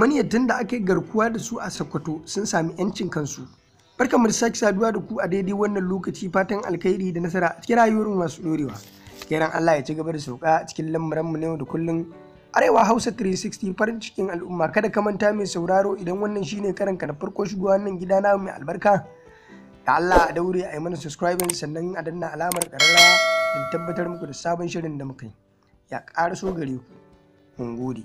maniyatan da aka yi garkuwa da su a Sokoto sun sami 'yancin kansu. Barka mu sake saduwa da ku a daidai wannan lokaci fatan alkhairi da nasara a cikin rayuwar masu dorewa. Kiran Allah ya ci gaba da sauka cikin lamuran mu yau da kullum. Arewa Hausa 360 farin cikin al'umma kada ka manta mai sauraro idan wannan shine karanka na farko shigowa wannan gida na mai albarka. Da Allah a daure a yi mana subscribing sannan a danna alamar karara don tabbatar muku da sabon shirin da muka yi. Ya ƙara so gare ku. Mun gode.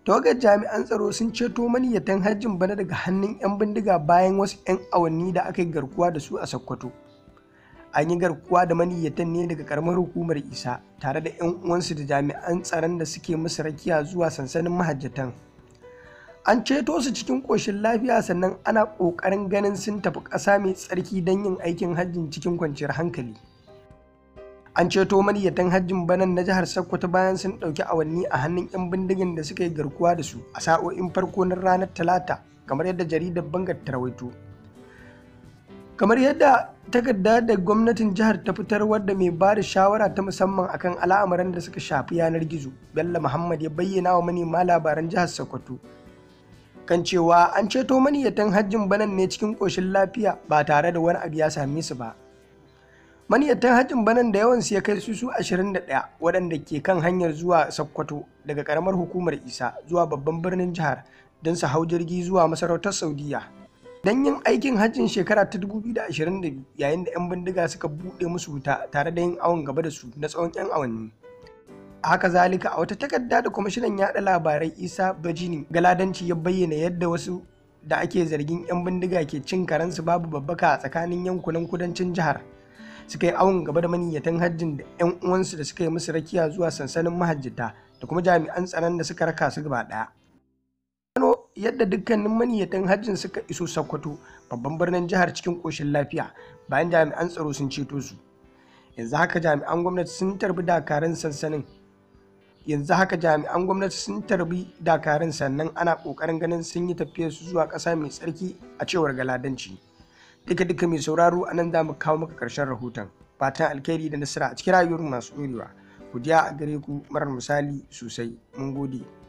Tawagar jami'an tsaro sun ceto maniyyatan hajjin bana daga hannun 'yan bindiga bayan wasu 'yan awanni da aka yi garkuwa da su a Sokoto. An yi garkuwa da maniyyatan ne daga karamar hukumar Isa tare da 'yan uwansu da jami'an tsaron da suke musu rakiya zuwa sansanin mahajjatan. An ceto su cikin ƙoshin lafiya sannan ana ƙoƙarin ganin sun tafi ƙasa mai tsarki don yin aikin hajjin cikin kwanciyar hankali. an ceto maniyyatan hajjin banan na jihar sokoto bayan sun ɗauki awanni a hannun 'yan bindigin da suka yi garkuwa da su a sa'o'in farko na ranar talata kamar yadda jaridar bangar ta rawaito. kamar yadda takarda da gwamnatin jihar ta fitar wadda mai ba da shawara ta musamman akan al'amuran da suka shafi yanar gizo bello muhammad ya bayyana wa manema labaran jihar sokoto kan cewa an ceto maniyyatan hajjin banan ne cikin koshin lafiya ba tare da wani abu ya same su ba maniyatan hajjin banan da yawan su ya kai su su 21 waɗanda ke kan hanyar zuwa sakkwato daga karamar hukumar isa zuwa babban birnin jihar don su hau jirgi zuwa masarautar saudiya don yin aikin hajjin shekara ta 2022 yayin da 'yan bindiga suka buɗe musu wuta tare da yin awon gaba da su na tsawon 'yan awanni haka zalika a wata takarda da kwamishinan yaɗa labarai isa bajini galadanci ya bayyana yadda wasu da ake zargin 'yan bindiga ke cin karensu babu babbaka a tsakanin yankunan kudancin jihar suka yi awon gaba da maniyyatan hajjin da 'yan uwansu da suka yi musu rakiya zuwa sansanin mahajjata, da kuma jami'an tsaron da suka raka su gaba ɗaya. Kano yadda dukkanin maniyyatan hajjin suka iso Sokoto babban birnin jihar cikin koshin lafiya bayan jami'an tsaro sun ceto su. Yanzu haka jami'an gwamnati sun tarbi dakarun sansanin yanzu haka jami'an gwamnati sun tarbi dakarun sannan ana ƙoƙarin ganin sun yi tafiyar su zuwa ƙasa mai tsarki a cewar galadanci. duka duka mai sauraro a nan za mu kawo maka karshen rahoton fatan alkhairi da nasara a cikin rayuwar masu ɗorewa ku a gare ku marar misali sosai mun gode